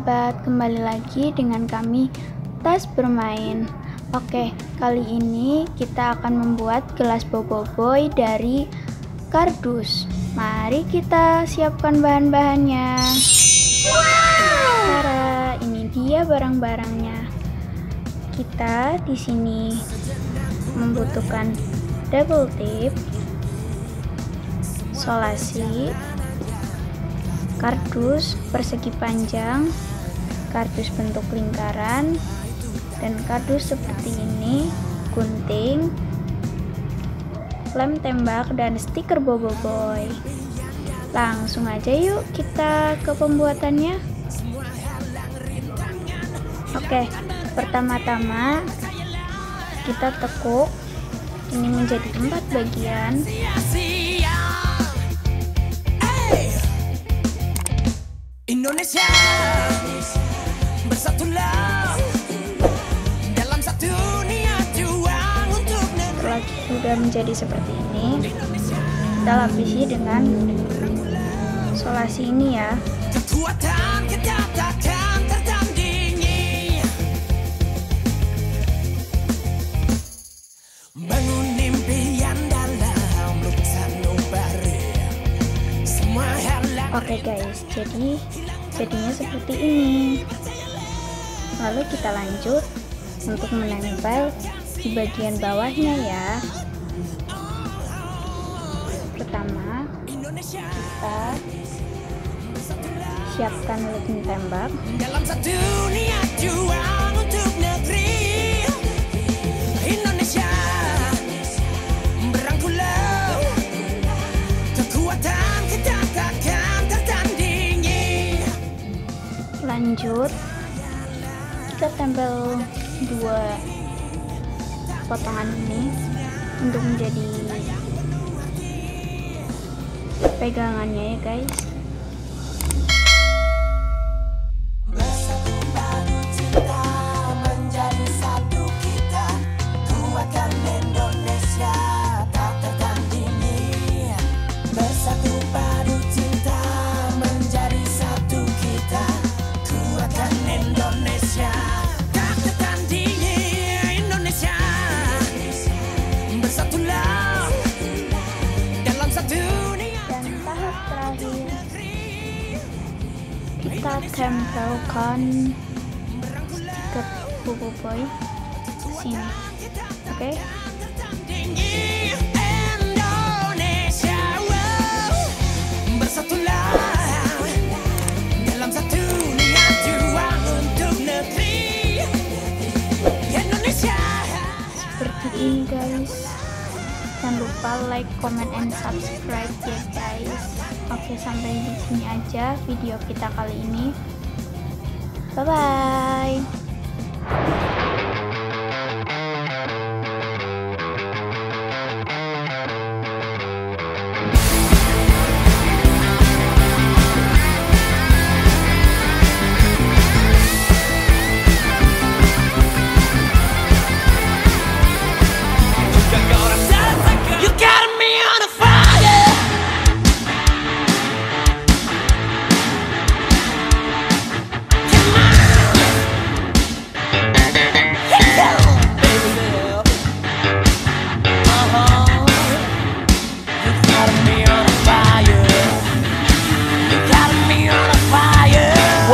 sahabat, kembali lagi dengan kami Tas Bermain. Oke, kali ini kita akan membuat gelas boboiboy dari kardus. Mari kita siapkan bahan-bahannya. Wow! Cara ini dia barang-barangnya. Kita di sini membutuhkan double tip, solasi, kardus persegi panjang, kardus bentuk lingkaran, dan kardus seperti ini, gunting, lem tembak, dan stiker boboiboy. Langsung aja yuk kita ke pembuatannya. Oke, pertama-tama kita tekuk ini menjadi empat bagian. Indonesia bersatulah dalam satu niat juang untuk negeri. Lagi sudah menjadi seperti ini, kita lapisi dengan solasi ini ya. Kekuatan kita takkan tertandingi. Bangun Oke okay guys, jadi jadinya seperti ini lalu kita lanjut untuk menempel di bagian bawahnya ya pertama kita siapkan lubang tembak dalam satu niat jual lanjut kita tempel dua potongan ini untuk menjadi pegangannya ya guys kita tempelkan stiker bubu boy sini oke okay? lupa like, comment, and subscribe ya guys. Oke, sampai di sini aja video kita kali ini. Bye bye.